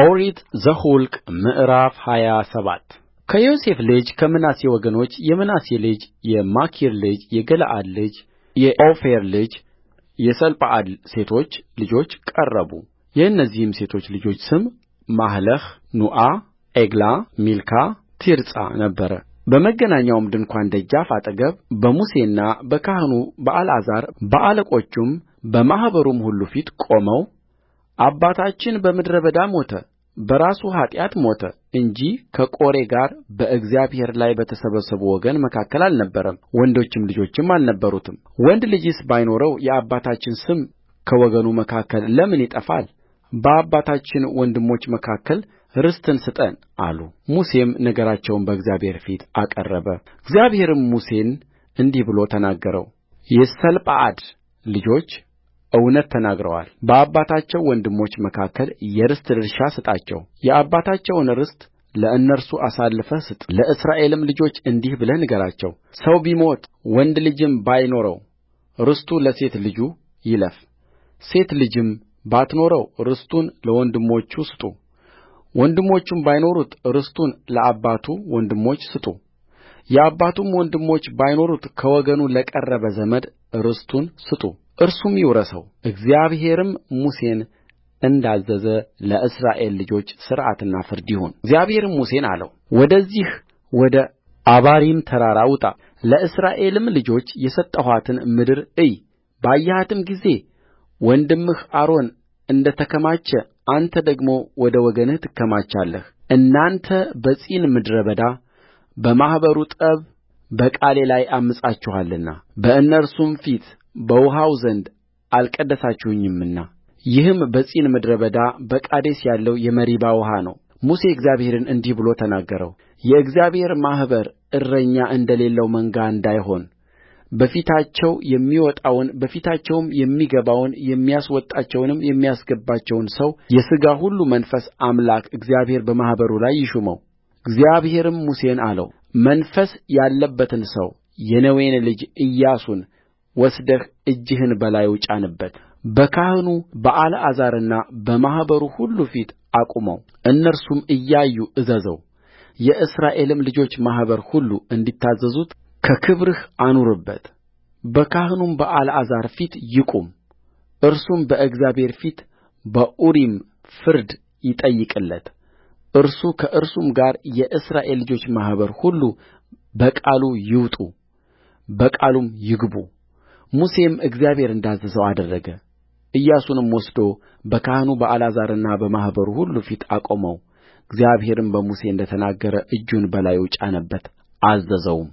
ኦሪት ዘኍልቍ ምዕራፍ ሃያ ሰባት ከዮሴፍ ልጅ ከምናሴ ወገኖች የምናሴ ልጅ የማኪር ልጅ የገለዓድ ልጅ የኦፌር ልጅ የሰለጰዓድ ሴቶች ልጆች ቀረቡ የእነዚህም ሴቶች ልጆች ስም ማህለህ ኑዓ ዔግላ ሚልካ ቲርጻ በመገናኛውም ድንኳን ደጃፍ አጠገብ በሙሴና በካህኑ በአልዓዛር በአለቆቹም በማኅበሩም ሁሉ ፊት ቆመው አባታችን በምድረ በዳ ሞተ በራሱ ኃጢአት ሞተ እንጂ ከቆሬ ጋር በእግዚአብሔር ላይ በተሰበሰቡ ወገን መካከል አልነበረም ወንዶችም ልጆችም አልነበሩትም። ወንድ ልጅስ ባይኖረው የአባታችን ስም ከወገኑ መካከል ለምን ይጠፋል በአባታችን ወንድሞች መካከል ርስትን ስጠን አሉ። ሙሴም ነገራቸውን በእግዚአብሔር ፊት አቀረበ እግዚአብሔርም ሙሴን እንዲህ ብሎ ተናገረው የሰለጰዓድ ልጆች እውነት ተናግረዋል በአባታቸው ወንድሞች መካከል የርስት ድርሻ ስጣቸው የአባታቸውን ርስት ለእነርሱ አሳልፈህ ስጥለእስራኤልም ልጆች እንዲህ ብለህ ንገራቸው ሰው ቢሞት ወንድ ልጅም ባይኖረው ርስቱ ለሴት ልጁ ይለፍ ሴት ልጅም ባትኖረው ርስቱን ለወንድሞቹ ስጡ ወንድሞቹም ባይኖሩት ርስቱን ለአባቱ ወንድሞች ስጡ የአባቱም ወንድሞች ባይኖሩት ከወገኑ ለቀረበ ዘመድ ርስቱን ስጡ እርሱም ይውረሰውእግዚአብሔርም ሙሴን እንዳዘዘ ለእስራኤል ልጆች ሥርዓትና ፍርድ ይሁንእግዚአብሔርም ሙሴን አለው ወደዚህ ወደ አባሪም ተራራ ውጣ ለእስራኤልም ልጆች የሰጠኋትን ምድር እይ ባየሃትም ጊዜ ወንድምህ አሮን እንደ ተከማቸ አንተ ደግሞ ወደ ወገንህ ትከማቻለህእናንተ በጺን ምድረ በዳ በማኅበሩ ጠብ በቃሌ ላይ ዐምፃችኋልና በእነርሱም ፊት በውኃው ዘንድ አልቀደሳችሁኝምና ይህም በጺን ምድረ በዳ በቃዴስ ያለው የመሪባ ውኃ ነውሙሴ እግዚአብሔርን እንዲህ ብሎ ተናገረው የእግዚአብሔር ማኅበር እረኛ እንደሌለው መንጋ እንዳይሆን በፊታቸው የሚወጣውን በፊታቸውም የሚገባውን የሚያስወጣቸውንም የሚያስገባቸውን ሰው የሥጋ ሁሉ መንፈስ አምላክ እግዚአብሔር በማኅበሩ ላይ ይሹመው እግዚአብሔርም ሙሴን አለው መንፈስ ያለበትን ሰው የነዌን ልጅ ኢያሱን ወስደህ እጅህን በላዩ ጫንበት። በካህኑ በአልዓዛርና በማኅበሩ ሁሉ ፊት አቁመው እነርሱም እያዩ እዘዘው! የእስራኤልም ልጆች ማኅበር ሁሉ እንዲታዘዙት ከክብርህ አኑርበት በካህኑም በአልዓዛር ፊት ይቁም እርሱም በእግዚአብሔር ፊት በኡሪም ፍርድ ይጠይቅለት እርሱ ከእርሱም ጋር የእስራኤል ልጆች ማኅበር ሁሉ በቃሉ ይውጡ በቃሉም ይግቡ ሙሴም እግዚአብሔር እንዳዘዘው አደረገ ኢያሱንም ወስዶ በካህኑ በአልዓዛርና በማኅበሩ ሁሉ ፊት አቆመው እግዚአብሔርም በሙሴ እንደ ተናገረ እጁን በላዩ ጫነበት አዘዘውም